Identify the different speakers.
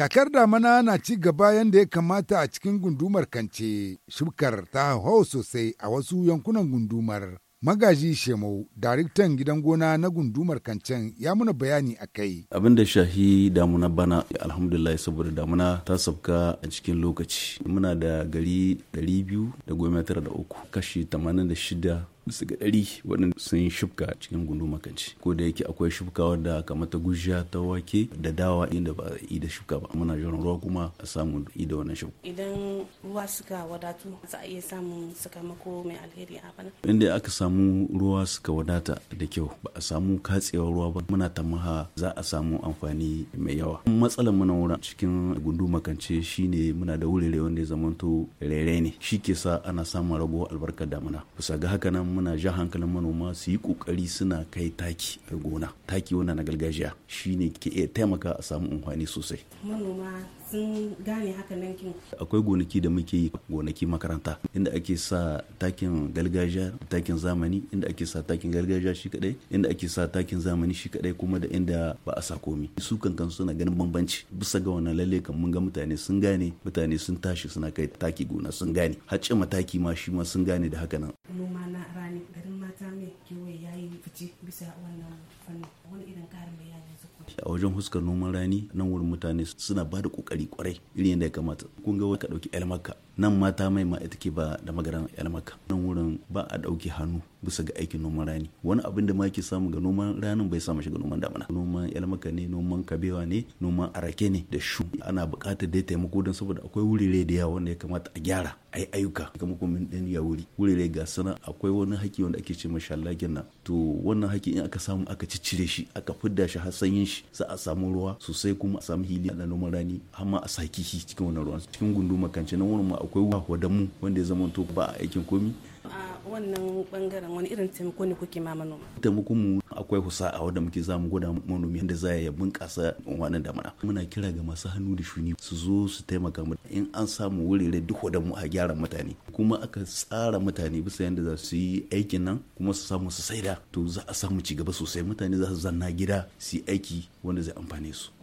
Speaker 1: Kakar damana na ci gaba yadda ya kamata a cikin gundumar Kance, shukar ta hau sosai a wasu yankunan gundumar. Magaji Shemau, daraktan gidan gona na gundumar Kancan ya muna bayani a kai. Abin da shahi damuna bana, alhamdulillah saboda damuna ta sauka a cikin lokaci. Muna da gari 213 kashi 86 bisa ga ɗari waɗanda sun yi cikin gundu makanci ko da yake akwai shubka wadda kamar ta gujiya ta wake da dawa inda ba yi da shubka ba muna jiran ruwa kuma a samu yi da wannan shubka
Speaker 2: idan ruwa suka wadatu za a iya samun sakamako mai alheri a bana
Speaker 1: inda aka samu ruwa suka wadata da kyau ba a samu katsewar ruwa ba muna tamaha za a samu amfani mai yawa matsalar muna wurin cikin gundu makance shine muna da wurare wanda ya zamanto rere ne shi ke sa ana samun rago albarkar damuna bisa ga haka nan muna ja hankalin manoma su yi kokari suna kai taki a gona taki wannan na gargajiya shine ke iya taimaka a samu amfani sosai
Speaker 2: manoma sun gane haka nan kin
Speaker 1: akwai gonaki da muke yi gonaki makaranta inda ake sa takin gargajiya takin zamani inda ake sa takin gargajiya shi kadai inda ake sa takin zamani shi kadai kuma da inda ba a sa komi su kankan suna ganin bambanci bisa ga wannan lalle kan mun ga mutane sun gane mutane sun tashi suna kai taki gona sun gane hacce mataki ma shi ma sun gane da haka nan
Speaker 2: bisa wannan fannin wani irin karin
Speaker 1: a wajen huskar noman rani nan wurin mutane suna ba da kokari kwarai irin yadda ya kamata kun ga ka dauki elmaka nan mata mai ma ita ke ba da magaran elmaka nan wurin ba a dauki hannu bisa ga aikin noman rani wani abin da ma ke samu ga noman ranin bai samu shiga noman damana noman elmaka ne noman kabewa ne noman arake ne da shu ana bukatar dai taimako don saboda akwai wurare da yawa wanda ya kamata a gyara yi ayyuka kuma kuma din ya wuri wurare ga sana akwai wani haƙƙi wanda ake ce mashallakin nan to wannan haƙƙi in aka samu aka ciccire shi aka fidda shi har sanyin shi za a samu ruwa sosai kuma a samu hili na noman rani har ma a saki shi cikin wannan ruwan cikin gundu makance nan wurin ma akwai mu wanda ya zama to ba a aikin komi
Speaker 2: a wannan bangaren wani irin taimako ne kuke ma manoma
Speaker 1: taimakon mu akwai husa a wanda muke zamu gwada manomi yadda za ya bunƙasa wannan damana muna kira ga masu hannu da shuni su zo su taimaka mu in an samu wurare duk da mu a gyara mutane kuma aka tsara mutane bisa yadda za su yi aikin nan kuma su samu su saida to za a samu ci gaba sosai mutane za su zanna gida su yi aiki wanda zai amfane su